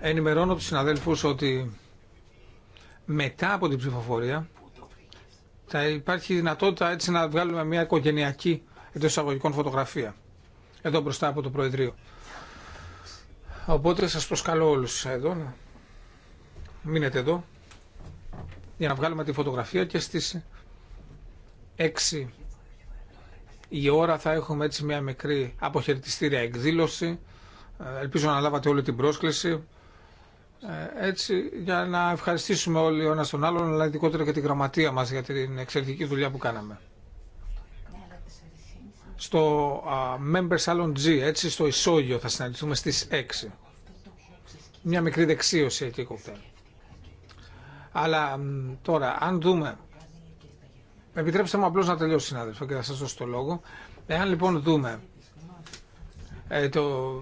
Ενημερώνω τους συναδέλφους ότι μετά από την ψηφοφορία θα υπάρχει δυνατότητα έτσι να βγάλουμε μια οικογενειακή εντό εισαγωγικών φωτογραφία εδώ μπροστά από το Προεδρείο. Οπότε σας προσκαλώ όλους εδώ να μείνετε εδώ για να βγάλουμε τη φωτογραφία και στις 6 η ώρα θα έχουμε έτσι μια μικρή αποχαιρετιστήρια εκδήλωση ε, ελπίζω να λάβατε όλη την πρόσκληση. Ε, έτσι, για να ευχαριστήσουμε όλοι ο ένας τον άλλον, αλλά ειδικότερα και τη γραμματεία μας για την εξαιρετική δουλειά που κάναμε. Στο uh, Member Salon G, έτσι, στο ισόγειο θα συναντηθούμε στις 6. Μια μικρή δεξίωση εκεί κοπτά. Αλλά τώρα, αν δούμε... Επιτρέψτε μου απλώς να τελειώσω, συνάδελφο, και θα σας δώσω το λόγο. Εάν λοιπόν δούμε ε, το,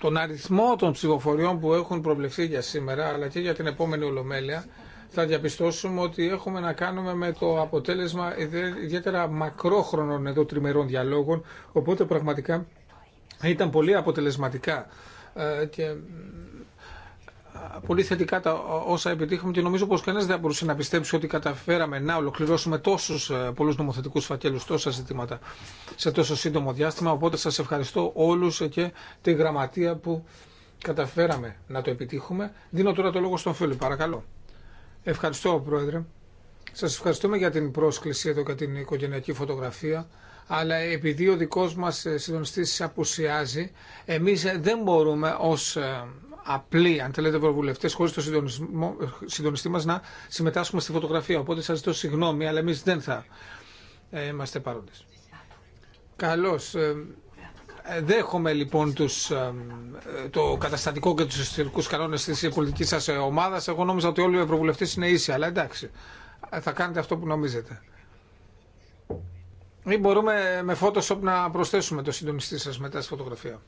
τον αριθμό των ψηφοφοριών που έχουν προβλεφθεί για σήμερα αλλά και για την επόμενη Ολομέλεια θα διαπιστώσουμε ότι έχουμε να κάνουμε με το αποτέλεσμα ιδιαίτερα μακρόχρονων εδώ τριμερών διαλόγων οπότε πραγματικά ήταν πολύ αποτελεσματικά ε, και πολύ θετικά τα όσα επιτύχουμε και νομίζω πως κανένας δεν μπορούσε να πιστέψει ότι καταφέραμε να ολοκληρώσουμε τόσους ε, πολλούς νομοθετικούς φακέλους, τόσα ζητήματα σε τόσο σύντομο διάστημα. Οπότε σας ευχαριστώ όλους και τη γραμματεία που καταφέραμε να το επιτύχουμε. Δίνω τώρα το λόγο στον Φίλιπ, παρακαλώ. Ευχαριστώ, Πρόεδρε. Σας ευχαριστούμε για την πρόσκληση εδώ και την οικογενειακή φωτογραφία αλλά επειδή ο δικός μας ε, συντονιστής απουσιάζει, εμείς δεν μπορούμε ως ε, απλοί, αν θέλετε, ευρωβουλευτέ, χωρί το συντονιστή μα να συμμετάσχουμε στη φωτογραφία. Οπότε σα ζητώ συγγνώμη, αλλά εμεί δεν θα ε, είμαστε παρόντε. Καλώ. Ε, δέχομαι λοιπόν τους, ε, το καταστατικό και του ιστορικούς κανόνε τη πολιτική σα ομάδα. Εγώ νόμιζα ότι όλοι οι ευρωβουλευτέ είναι ίσοι, αλλά εντάξει, θα κάνετε αυτό που νομίζετε. Ή μπορούμε με Photoshop να προσθέσουμε το συντονιστή σα μετά στη φωτογραφία.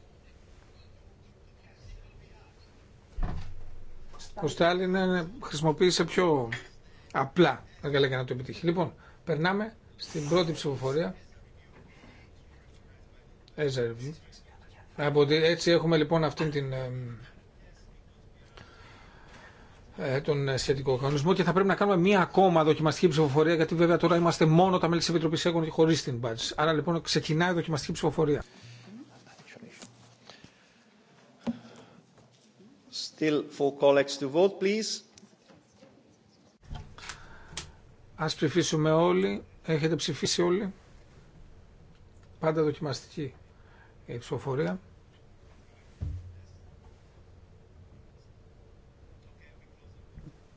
Ο Στάλιν χρησιμοποίησε πιο απλά εργαλεία να το επιτύχει. Λοιπόν, περνάμε στην πρώτη ψηφοφορία. Έτσι έχουμε λοιπόν αυτήν την ε, τον σχετικό κανονισμό και θα πρέπει να κάνουμε μία ακόμα δοκιμαστική ψηφοφορία γιατί βέβαια τώρα είμαστε μόνο τα μέλη τη Επιτροπή Έγων και χωρί την Μπάτζ. Άρα λοιπόν ξεκινάει η δοκιμαστική ψηφοφορία. Ας ψηφίσουμε όλοι. Έχετε ψηφίσει όλοι. Πάντα δοκιμαστική η ψηφοφορία.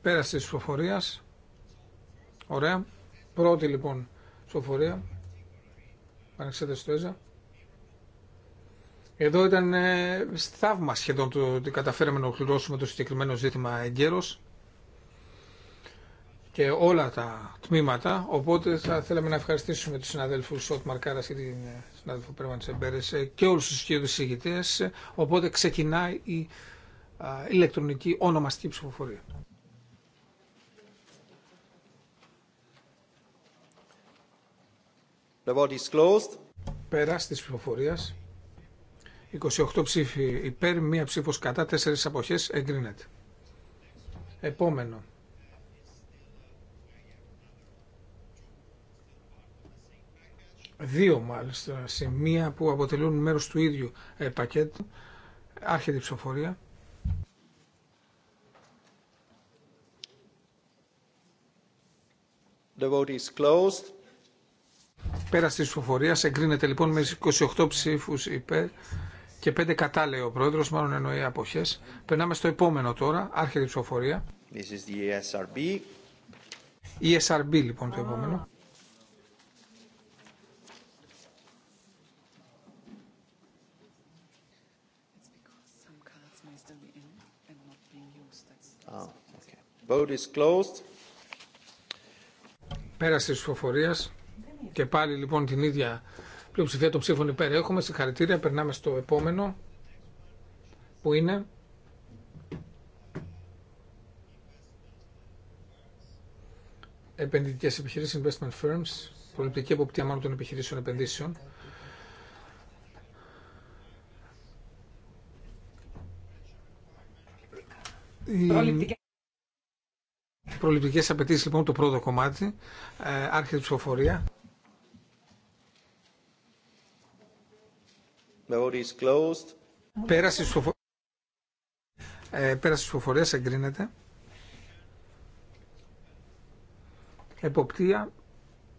Πέρασε η ψηφοφορία. Ωραία. Πρώτη λοιπόν ψηφοφορία. Πανεξέταση στο ΕΖΑ. Εδώ ήταν ε, θαύμα σχεδόν το ότι καταφέραμε να ολοκληρώσουμε το συγκεκριμένο ζήτημα εγκαίρως και όλα τα τμήματα. Οπότε θα θέλαμε να ευχαριστήσουμε τους συναδέλφους Σότ Μαρκάρα και την ε, συνάδελφο Πρέμαν Τσεμπέρες ε, και όλους τους κύριους Οπότε ξεκινάει η ηλεκτρονική ονομαστική ψηφοφορία. The vote 28 ψήφοι υπέρ, μία ψήφος κατά, τέσσερις αποχές, εγκρίνεται. Επόμενο. Δύο μάλιστα σημεία που αποτελούν μέρος του ίδιου ε, πακέτου. Άρχεται η ψηφοφορία. The vote is closed. Πέρα τη ψηφοφορία εγκρίνεται λοιπόν με 28 ψήφους υπέρ, και πέντε κατά λέει ο πρόεδρο, μάλλον εννοεί αποχέ. Περνάμε στο επόμενο τώρα, άρχεται η ψηφοφορία. This is the ESRB. E λοιπόν το επόμενο. Ah, okay. Vote is closed. Πέρασε η ψηφοφορία και πάλι λοιπόν την ίδια πλειοψηφία των ψήφων υπέρ. Έχουμε συγχαρητήρια. Περνάμε στο επόμενο που είναι επενδυτικές επιχειρήσεις, investment firms, προληπτική εποπτεία μάλλον των επιχειρήσεων επενδύσεων. προληπτικές απαιτήσεις λοιπόν το πρώτο κομμάτι, ε, άρχεται ψηφοφορία. Πέραση Πέρασε ψηφοφορία. Ε, εγκρίνεται. Εποπτεία,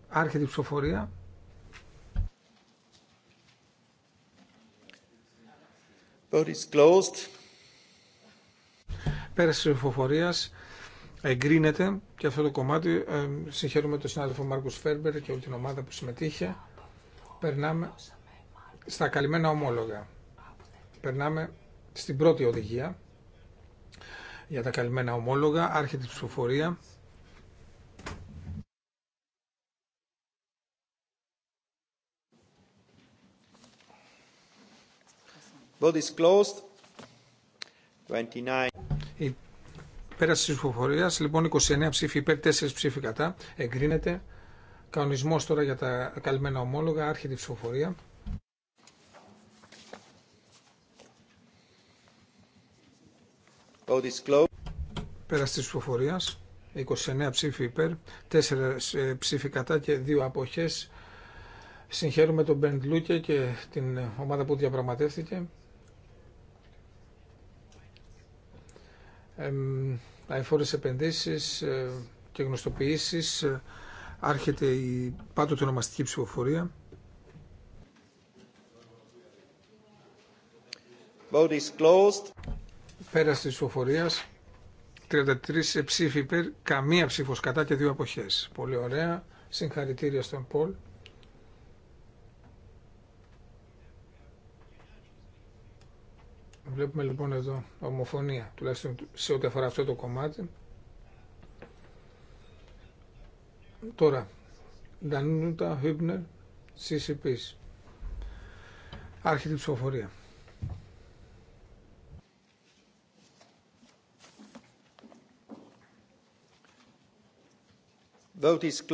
άρχεται η ψηφοφορία. Πέραση is closed. ψηφοφορία, εγκρίνεται και αυτό το κομμάτι. Ε, συγχαίρουμε τον συνάδελφο Μάρκος Φέρμπερ και όλη την ομάδα που συμμετείχε. Περνάμε στα καλυμμένα ομόλογα. Περνάμε στην πρώτη οδηγία για τα καλυμμένα ομόλογα, άρχεται η ψηφοφορία. Vote is closed. 29. Η πέραση της ψηφοφορίας, λοιπόν, 29 ψήφοι υπέρ, 4 ψήφοι κατά. Εγκρίνεται. Κανονισμός τώρα για τα καλυμμένα ομόλογα, άρχεται η ψηφοφορία. Πέρα τη closed. 29 ψήφοι υπέρ, 4 ε, ψήφοι κατά και 2 αποχές. Συγχαίρουμε τον Μπεντ Λούκε και την ομάδα που διαπραγματεύτηκε. αεφόρες επενδύσεις ε, και γνωστοποιήσεις ε, άρχεται η πάντοτε ονομαστική ψηφοφορία. Vote closed. Πέρας της ψηφοφορίας, 33 ψήφοι υπέρ, καμία ψήφος κατά και δύο αποχές. Πολύ ωραία. Συγχαρητήρια στον Πολ. Βλέπουμε λοιπόν εδώ ομοφωνία, τουλάχιστον σε ό,τι αφορά αυτό το κομμάτι. Τώρα, Ντανούντα, Χίπνερ, CCP. Άρχεται η ψηφοφορία. Vote is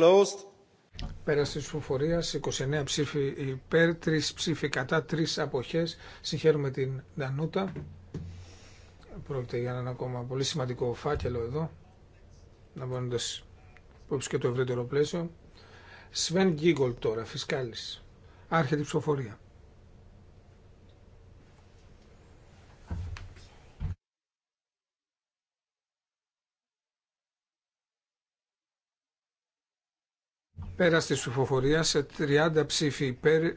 ψηφοφορία 29 ψήφοι υπέρ, 3 ψήφοι κατά, 3 αποχές. Συγχαίρουμε την Ντανούτα. Πρόκειται για έναν ακόμα πολύ σημαντικό φάκελο εδώ, να μπαίνοντα υπόψη και το ευρύτερο πλαίσιο. Σβέν Γκίγκολ τώρα, φυσκάλη. Άρχεται η ψηφοφορία. Πέρα τη ψηφοφορία, 30 ψήφοι υπέρ,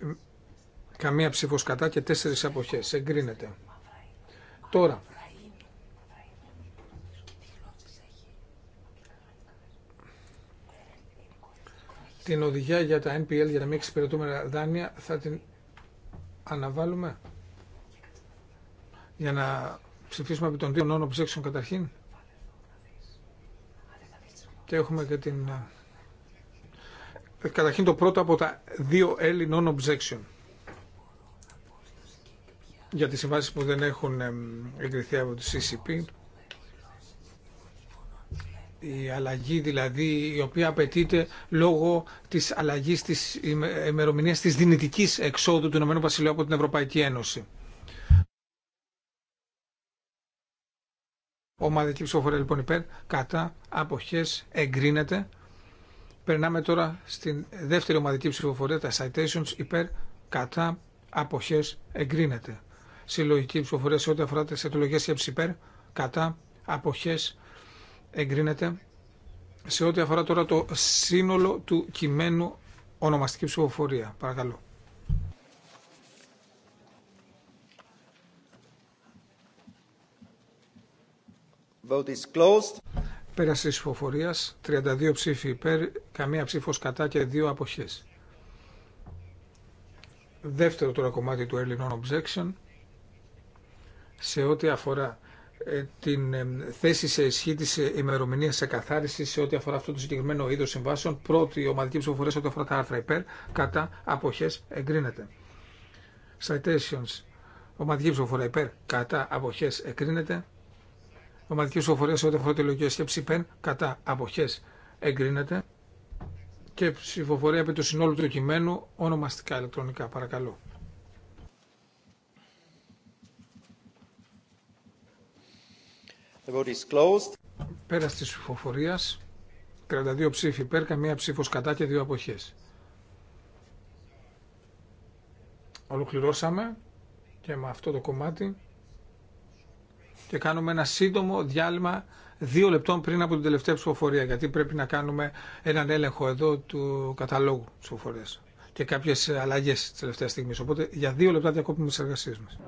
καμία ψήφος κατά και 4 αποχές. Εγκρίνεται. Τώρα. Την οδηγία για τα NPL για να μην εξυπηρετούμε δάνεια θα την αναβάλουμε για να ψηφίσουμε από τον δύο νόνο ψήξεων καταρχήν. Και έχουμε και την ε, καταρχήν το πρώτο από τα δύο έλληνων non-objection για τις συμβάσεις που δεν έχουν εγκριθεί από το CCP. Η αλλαγή δηλαδή η οποία απαιτείται λόγω της αλλαγής της ημερομηνία της δυνητικής εξόδου του ΗΠΑ βασιλιά από την Ευρωπαϊκή Ένωση. Ομαδική ψηφοφορία λοιπόν υπέρ, κατά, αποχές, εγκρίνεται. Περνάμε τώρα στην δεύτερη ομαδική ψηφοφορία, τα citations υπέρ κατά αποχέ, εγκρίνεται. Συλλογική ψηφοφορία σε ό,τι αφορά τι εκλογέ σκέψης υπέρ κατά αποχέ, εγκρίνεται. Σε ό,τι αφορά τώρα το σύνολο του κειμένου ονομαστική ψηφοφορία. Παρακαλώ. Vote is closed πέρασε τη ψηφοφορία 32 ψήφοι υπέρ, καμία ψήφο κατά και δύο αποχέ. Δεύτερο τώρα κομμάτι του early non-objection σε ό,τι αφορά ε, την ε, θέση σε ισχύ τη ε, ημερομηνία καθάριση, σε ό,τι αφορά αυτό το συγκεκριμένο είδο συμβάσεων. Πρώτη ομαδική ψηφοφορία σε ό,τι αφορά τα άρθρα υπέρ, κατά, αποχέ, εγκρίνεται. Citations. Ομαδική ψηφοφορία υπέρ, κατά, αποχέ, εγκρίνεται ομαδική ψηφοφορία σε ό,τι αφορά τη λογική σκέψη υπέρ κατά αποχέ εγκρίνεται και ψηφοφορία επί του συνόλου του κειμένου ονομαστικά ηλεκτρονικά. Παρακαλώ. The vote is closed. 32 ψήφοι υπέρ, καμία ψήφο κατά και δύο αποχέ. Ολοκληρώσαμε και με αυτό το κομμάτι και κάνουμε ένα σύντομο διάλειμμα δύο λεπτών πριν από την τελευταία ψηφοφορία, γιατί πρέπει να κάνουμε έναν έλεγχο εδώ του καταλόγου ψηφοφορίας και κάποιες αλλαγές της τελευταίας στιγμής. Οπότε για δύο λεπτά διακόπτουμε τις εργασίες μας.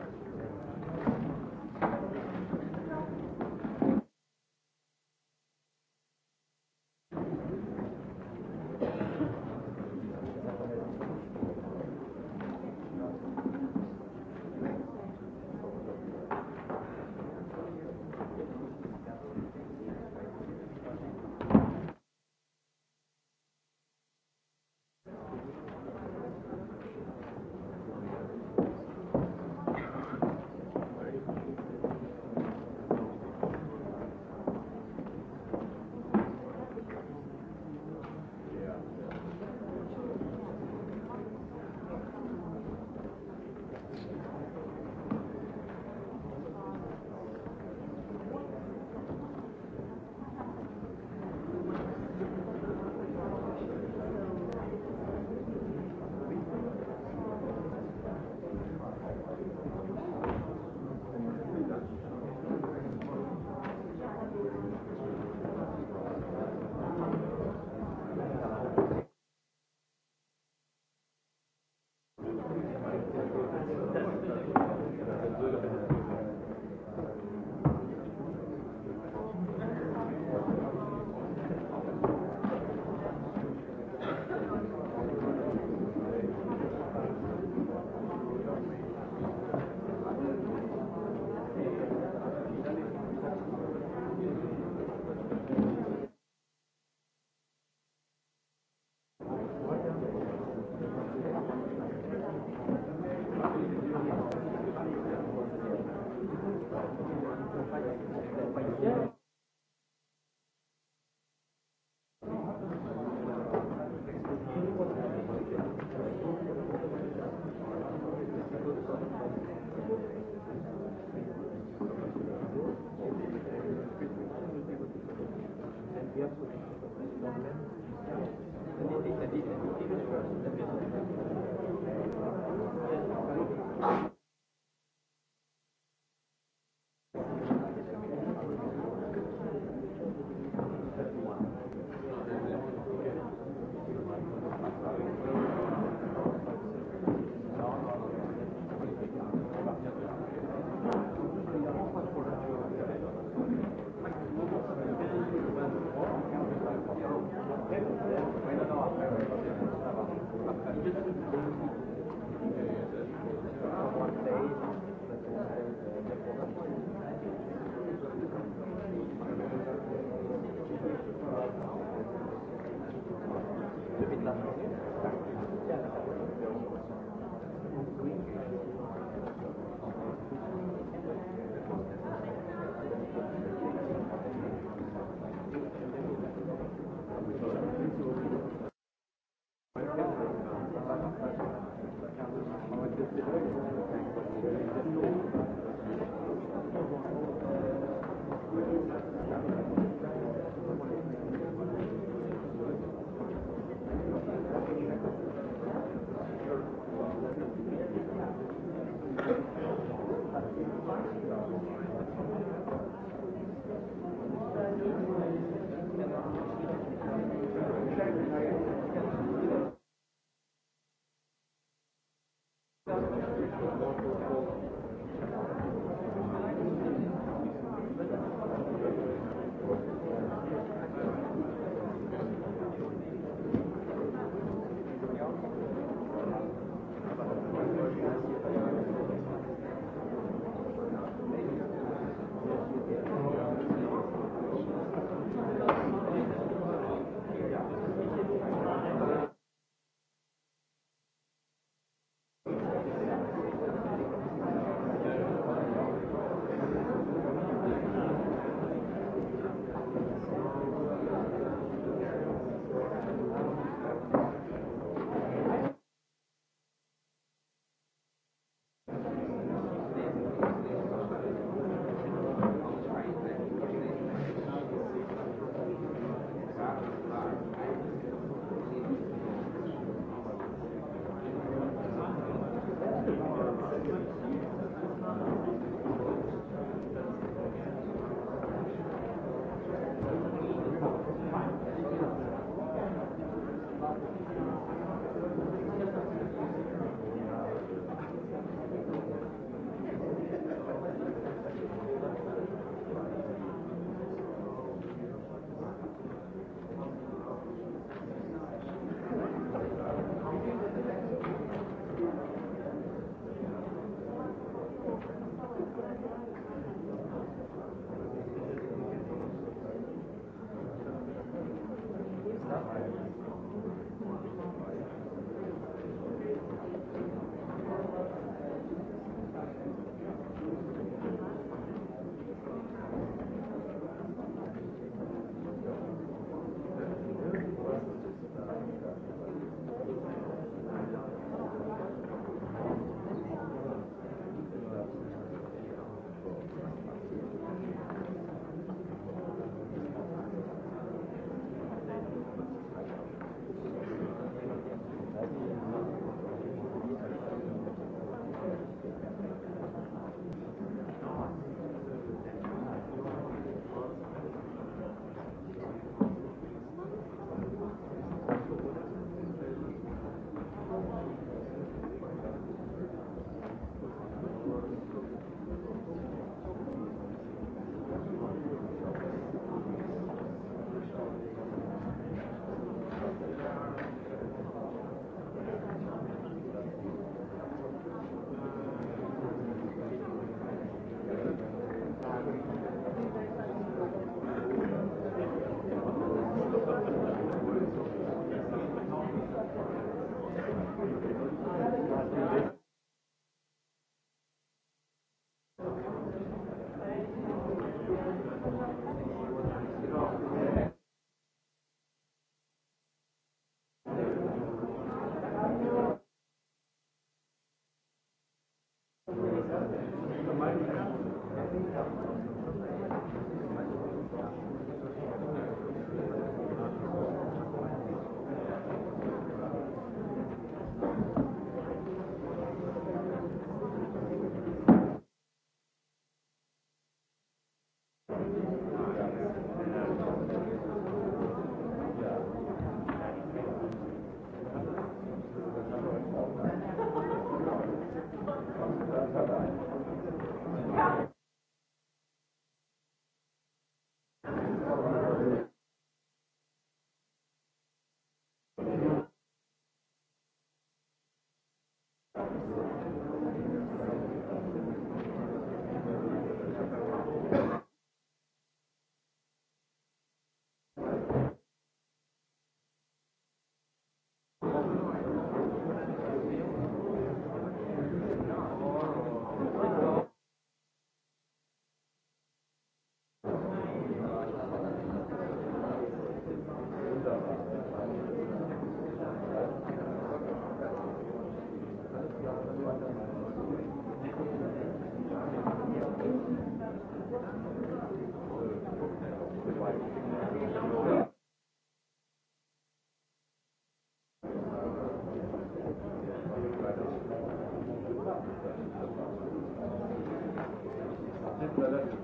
Βέβαια.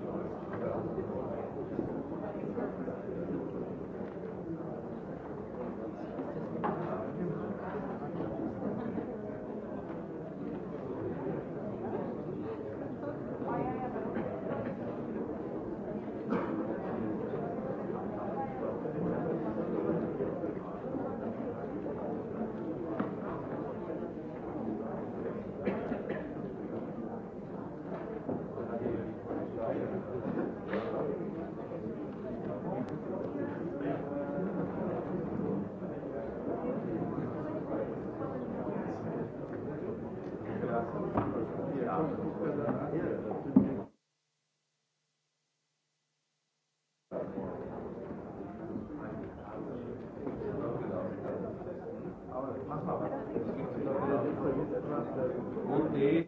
Good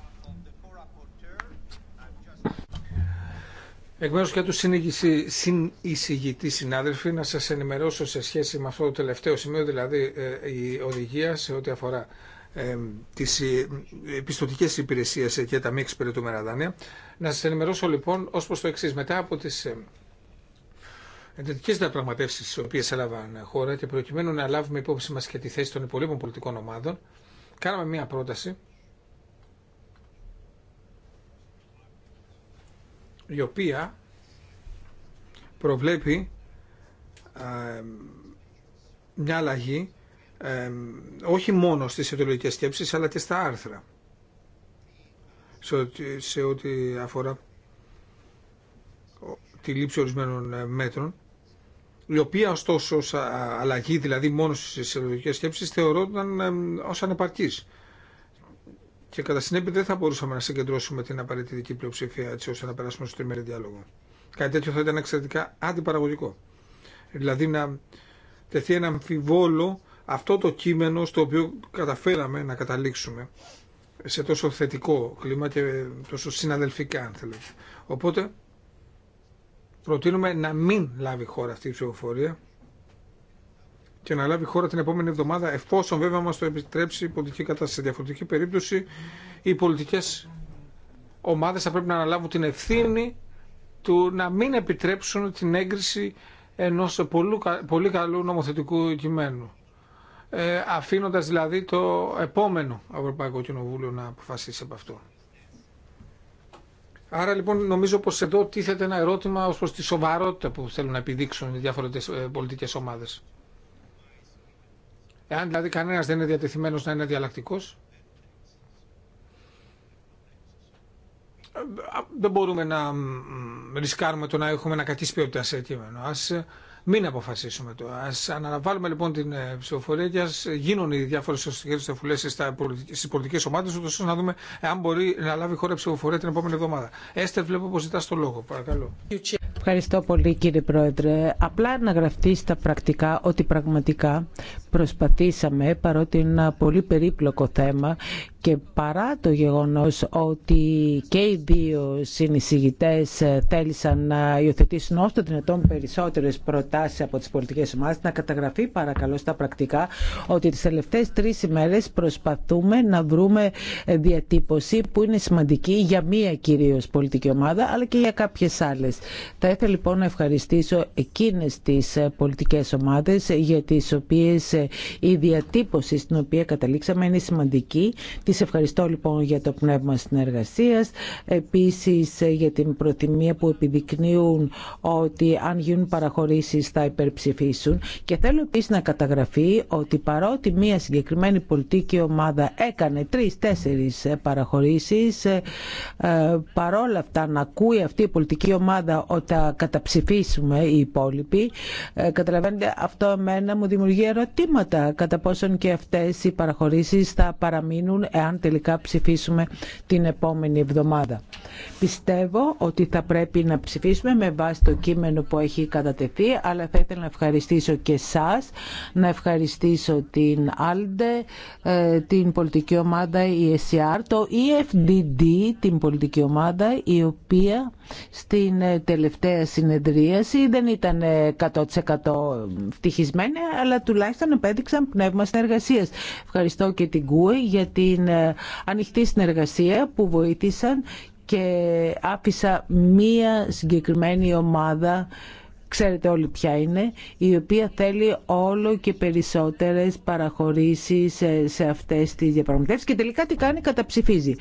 Εκ μέρους και του συνεισηγητή συνάδελφοι να σας ενημερώσω σε σχέση με αυτό το τελευταίο σημείο, δηλαδή ε, η οδηγία σε ό,τι αφορά ε, τις ε, επιστοτικές υπηρεσίες και τα μη εξυπηρετούμενα δάνεια. Να σας ενημερώσω λοιπόν ως προς το εξή. Μετά από τις ε, εντατικέ διαπραγματεύσει τι οποίε έλαβαν χώρα και προκειμένου να λάβουμε υπόψη μα και τη θέση των υπολείπων πολιτικών ομάδων, κάναμε μία πρόταση η οποία προβλέπει ε, μια αλλαγή ε, όχι μόνο στις ιδεολογικές σκέψεις αλλά και στα άρθρα σε ό,τι αφορά τη λήψη ορισμένων ε, μέτρων η οποία ωστόσο ως αλλαγή δηλαδή μόνο στις ιδεολογικές σκέψεις θεωρώταν ως ανεπαρκής και κατά συνέπεια δεν θα μπορούσαμε να συγκεντρώσουμε την απαραίτητη πλειοψηφία έτσι ώστε να περάσουμε στο τριμερή διάλογο. Κάτι τέτοιο θα ήταν εξαιρετικά αντιπαραγωγικό. Δηλαδή να τεθεί ένα αμφιβόλο αυτό το κείμενο στο οποίο καταφέραμε να καταλήξουμε σε τόσο θετικό κλίμα και τόσο συναδελφικά αν θέλετε. Οπότε προτείνουμε να μην λάβει χώρα αυτή η ψηφοφορία και να λάβει χώρα την επόμενη εβδομάδα, εφόσον βέβαια μας το επιτρέψει η πολιτική κατάσταση. Σε διαφορετική περίπτωση, οι πολιτικές ομάδες θα πρέπει να αναλάβουν την ευθύνη του να μην επιτρέψουν την έγκριση ενός πολύ καλού νομοθετικού κειμένου. Ε, αφήνοντας δηλαδή το επόμενο Ευρωπαϊκό Κοινοβούλιο να αποφασίσει από αυτό. Άρα λοιπόν νομίζω πως εδώ τίθεται ένα ερώτημα ως προς τη σοβαρότητα που θέλουν να επιδείξουν οι διάφορες ε, πολιτικές ομάδες. Εάν δηλαδή κανένας δεν είναι διατεθειμένος να είναι διαλλακτικός, δεν μπορούμε να ρισκάρουμε το να έχουμε ένα κακή ποιότητα σε κείμενο. Ας μην αποφασίσουμε το. Ας αναβαλούμε λοιπόν την ε, ψηφοφορία και ας γίνουν οι διάφορες σωστικές στις πολιτικές ομάδες, ούτως ώστε να δούμε αν μπορεί να λάβει χώρα ψηφοφορία την επόμενη εβδομάδα. Έστερ βλέπω πως ζητάς το λόγο. Παρακαλώ. Ευχαριστώ πολύ κύριε Πρόεδρε. Απλά να γραφτεί στα πρακτικά ότι πραγματικά προσπαθήσαμε, παρότι είναι ένα πολύ περίπλοκο θέμα και παρά το γεγονός ότι και οι δύο συνεισηγητές θέλησαν να υιοθετήσουν όσο το δυνατόν περισσότερες προτάσεις από τις πολιτικές ομάδες, να καταγραφεί παρακαλώ στα πρακτικά ότι τις τελευταίες τρεις ημέρες προσπαθούμε να βρούμε διατύπωση που είναι σημαντική για μία κυρίως πολιτική ομάδα, αλλά και για κάποιες άλλες. Θα ήθελα λοιπόν να ευχαριστήσω εκείνες τις ε, πολιτικές ομάδες ε, για τις οποίες ε, η διατύπωση στην οποία καταλήξαμε είναι σημαντική. Τις ευχαριστώ λοιπόν για το πνεύμα συνεργασίας, επίσης για την προτιμία που επιδεικνύουν ότι αν γίνουν παραχωρήσεις θα υπερψηφίσουν και θέλω επίσης να καταγραφεί ότι παρότι μια συγκεκριμένη πολιτική ομάδα έκανε τρεις-τέσσερις παραχωρήσεις παρόλα αυτά να ακούει αυτή η πολιτική ομάδα ότι θα καταψηφίσουμε οι υπόλοιποι. Ε, καταλαβαίνετε, αυτό εμένα μου δημιουργεί ερωτήματα κατά πόσον και αυτές οι παραχωρήσεις θα παραμείνουν εάν τελικά ψηφίσουμε την επόμενη εβδομάδα. Πιστεύω ότι θα πρέπει να ψηφίσουμε με βάση το κείμενο που έχει κατατεθεί, αλλά θα ήθελα να ευχαριστήσω και εσά, να ευχαριστήσω την Άλντε, ε, την πολιτική ομάδα ESR, το EFDD, την πολιτική ομάδα, η οποία στην ε, τελευταία τελευταία συνεδρίαση δεν ήταν 100% ε, φτυχισμένη, αλλά τουλάχιστον επέδειξαν πνεύμα συνεργασία. Ευχαριστώ και την Κούε για την ε, ανοιχτή συνεργασία που βοήθησαν και άφησα μία συγκεκριμένη ομάδα ξέρετε όλοι ποια είναι, η οποία θέλει όλο και περισσότερες παραχωρήσεις ε, σε, αυτές τις διαπραγματεύσεις και τελικά τι κάνει, καταψηφίζει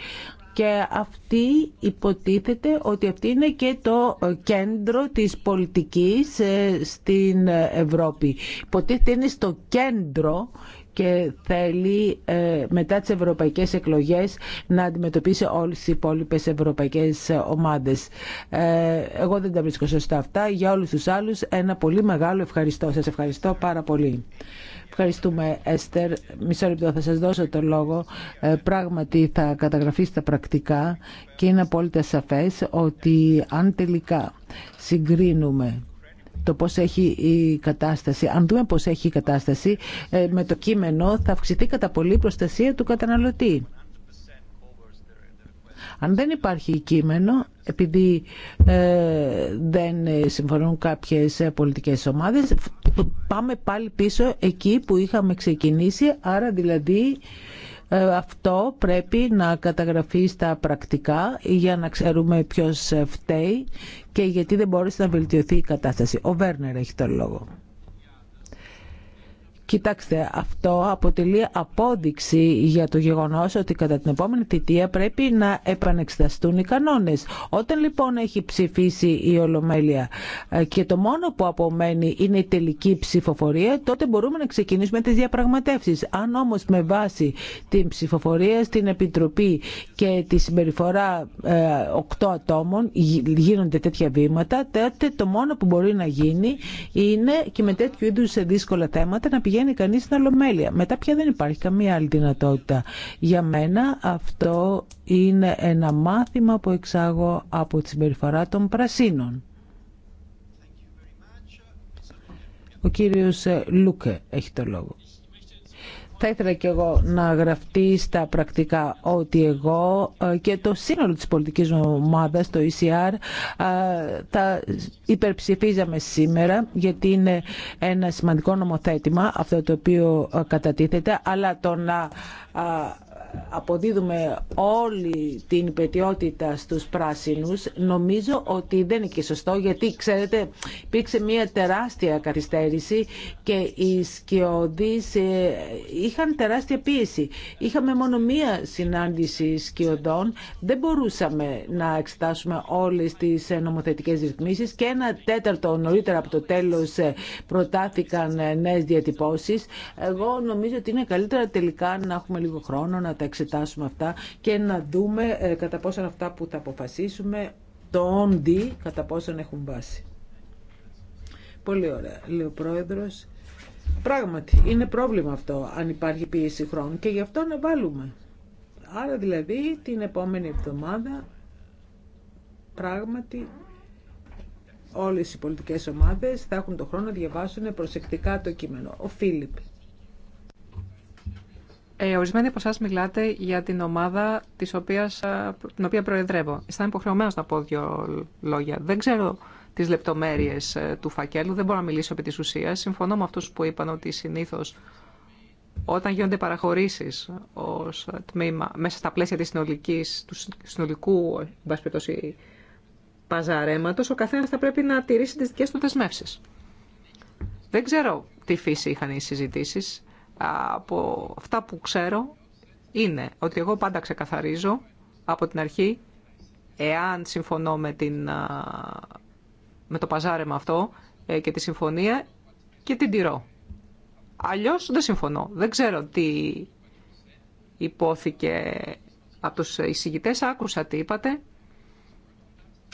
και αυτή υποτίθεται ότι αυτή είναι και το κέντρο της πολιτικής ε, στην Ευρώπη. Υποτίθεται είναι στο κέντρο και θέλει ε, μετά τις ευρωπαϊκές εκλογές να αντιμετωπίσει όλες τις υπόλοιπες ευρωπαϊκές ομάδες. Ε, εγώ δεν τα βρίσκω σωστά αυτά. Για όλους τους άλλους ένα πολύ μεγάλο ευχαριστώ. Σας ευχαριστώ πάρα πολύ. Ευχαριστούμε, Έστερ. Μισό λεπτό, θα σας δώσω το λόγο. Ε, πράγματι, θα καταγραφεί στα πρακτικά και είναι απόλυτα σαφές ότι αν τελικά συγκρίνουμε το πώς έχει η κατάσταση. Αν δούμε πώς έχει η κατάσταση, ε, με το κείμενο θα αυξηθεί κατά πολύ η προστασία του καταναλωτή. Αν δεν υπάρχει κείμενο, επειδή ε, δεν συμφωνούν κάποιες πολιτικές ομάδες, πάμε πάλι πίσω εκεί που είχαμε ξεκινήσει, άρα δηλαδή ε, αυτό πρέπει να καταγραφεί στα πρακτικά για να ξέρουμε ποιος φταίει και γιατί δεν μπόρεσε να βελτιωθεί η κατάσταση. Ο Βέρνερ έχει τον λόγο. Κοιτάξτε, αυτό αποτελεί απόδειξη για το γεγονό ότι κατά την επόμενη θητεία πρέπει να επανεξεταστούν οι κανόνε. Όταν λοιπόν έχει ψηφίσει η Ολομέλεια ε, και το μόνο που απομένει είναι η τελική ψηφοφορία, τότε μπορούμε να ξεκινήσουμε τι διαπραγματεύσει. Αν όμω με βάση την ψηφοφορία στην Επιτροπή και τη συμπεριφορά ε, οκτώ ατόμων γίνονται τέτοια βήματα, τότε το μόνο που μπορεί να γίνει είναι και με τέτοιου είδου δύσκολα θέματα να πηγαίνει πηγαίνει κανείς στην αλλομέλεια. Μετά πια δεν υπάρχει καμία άλλη δυνατότητα. Για μένα αυτό είναι ένα μάθημα που εξάγω από τη συμπεριφορά των πρασίνων. Ο κύριος ε, Λούκε έχει το λόγο. Θα ήθελα και εγώ να γραφτεί στα πρακτικά ότι εγώ ε, και το σύνολο της πολιτικής ομάδας, το ECR, ε, τα υπερψηφίζαμε σήμερα γιατί είναι ένα σημαντικό νομοθέτημα αυτό το οποίο ε, κατατίθεται, αλλά το να αποδίδουμε όλη την υπετιότητα στους πράσινους νομίζω ότι δεν είναι και σωστό γιατί ξέρετε υπήρξε μια τεράστια καθυστέρηση και οι σκιώδεις ε, είχαν τεράστια πίεση. Είχαμε μόνο μία συνάντηση σκιωδών, δεν μπορούσαμε να εξετάσουμε όλες τις ε, νομοθετικές ρυθμίσεις και ένα τέταρτο νωρίτερα από το τέλος ε, προτάθηκαν νέες διατυπώσεις. Εγώ νομίζω ότι είναι καλύτερα τελικά να έχουμε λίγο χρόνο τα εξετάσουμε αυτά και να δούμε ε, κατά πόσον αυτά που θα αποφασίσουμε το όντι κατά πόσον έχουν βάση. Πολύ ωραία, λέει ο πρόεδρος. Πράγματι, είναι πρόβλημα αυτό αν υπάρχει πίεση χρόνου και γι' αυτό να βάλουμε. Άρα δηλαδή την επόμενη εβδομάδα πράγματι όλες οι πολιτικές ομάδες θα έχουν το χρόνο να διαβάσουν προσεκτικά το κείμενο. Ο Φίλιπ. Ε, ορισμένοι από εσά μιλάτε για την ομάδα της οποίας, την οποία προεδρεύω. Αισθάνομαι υποχρεωμένο να πω δύο λόγια. Δεν ξέρω τι λεπτομέρειε ε, του φακέλου, δεν μπορώ να μιλήσω επί τη ουσία. Συμφωνώ με αυτού που είπαν ότι συνήθω, όταν γίνονται παραχωρήσει ως τμήμα μέσα στα πλαίσια της συνολικής, του συνολικού παζαρέματο, ο καθένα θα πρέπει να τηρήσει τι δικέ του δεσμεύσει. Δεν ξέρω τι φύση είχαν οι συζητήσει από αυτά που ξέρω είναι ότι εγώ πάντα ξεκαθαρίζω από την αρχή εάν συμφωνώ με, την, με το παζάρεμα αυτό ε, και τη συμφωνία και την τηρώ. Αλλιώς δεν συμφωνώ. Δεν ξέρω τι υπόθηκε από τους εισηγητές. Άκουσα τι είπατε.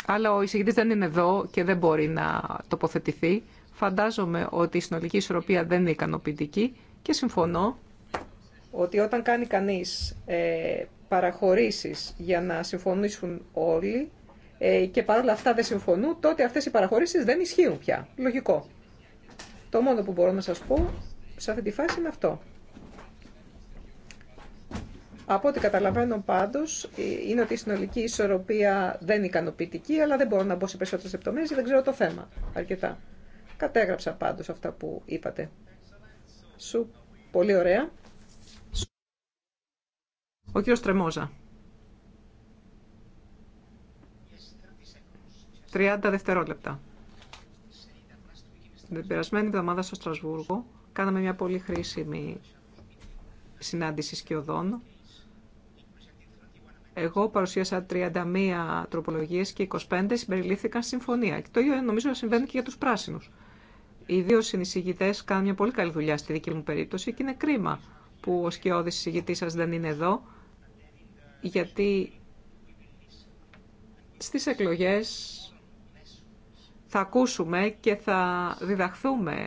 Αλλά ο εισηγητής δεν είναι εδώ και δεν μπορεί να τοποθετηθεί. Φαντάζομαι ότι η συνολική ισορροπία δεν είναι ικανοποιητική και συμφωνώ ότι όταν κάνει κανείς ε, παραχωρήσεις για να συμφωνήσουν όλοι ε, και παρόλα αυτά δεν συμφωνούν, τότε αυτές οι παραχωρήσεις δεν ισχύουν πια. Λογικό. Το μόνο που μπορώ να σας πω σε αυτή τη φάση είναι αυτό. Από ό,τι καταλαβαίνω πάντως ε, είναι ότι η συνολική ισορροπία δεν είναι ικανοποιητική, αλλά δεν μπορώ να μπω σε περισσότερες λεπτομέρειες, δεν ξέρω το θέμα αρκετά. Κατέγραψα πάντως αυτά που είπατε. Σου. Πολύ ωραία. Ο κύριος Τρεμόζα. 30 δευτερόλεπτα. Την περασμένη εβδομάδα στο Στρασβούργο κάναμε μια πολύ χρήσιμη συνάντηση σκιωδών. Εγώ παρουσίασα 31 τροπολογίες και 25 συμπεριλήφθηκαν συμφωνία. Και το ίδιο νομίζω να συμβαίνει και για τους πράσινους. Οι δύο συνεισηγητέ κάνουν μια πολύ καλή δουλειά στη δική μου περίπτωση και είναι κρίμα που ο σκιώδη συζητητή σα δεν είναι εδώ, γιατί στις εκλογές θα ακούσουμε και θα διδαχθούμε,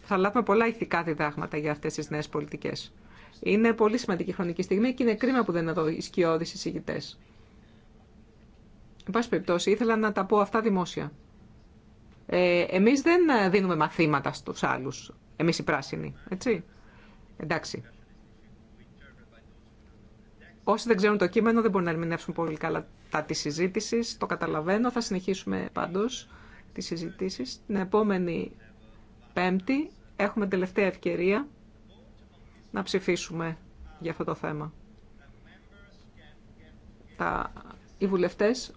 θα λάβουμε πολλά ηθικά διδάγματα για αυτές τις νέες πολιτικές. Είναι πολύ σημαντική χρονική στιγμή και είναι κρίμα που δεν είναι εδώ οι σκιώδη εισηγητές. Εν πάση περιπτώσει, ήθελα να τα πω αυτά δημόσια. Ε, εμείς δεν δίνουμε μαθήματα στους άλλους, εμείς οι πράσινοι, έτσι. Εντάξει. Όσοι δεν ξέρουν το κείμενο δεν μπορούν να ερμηνεύσουν πολύ καλά τα τη συζήτηση. Το καταλαβαίνω. Θα συνεχίσουμε πάντως τις συζητήσεις. Την επόμενη Πέμπτη έχουμε τελευταία ευκαιρία να ψηφίσουμε για αυτό το θέμα. Τα... Οι βουλευτές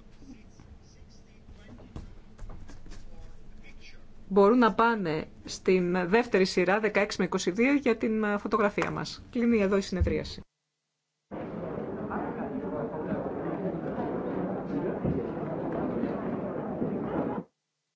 μπορούν να πάνε στην δεύτερη σειρά 16 με 22 για την ε, φωτογραφία μας. Κλείνει εδώ η συνεδρίαση.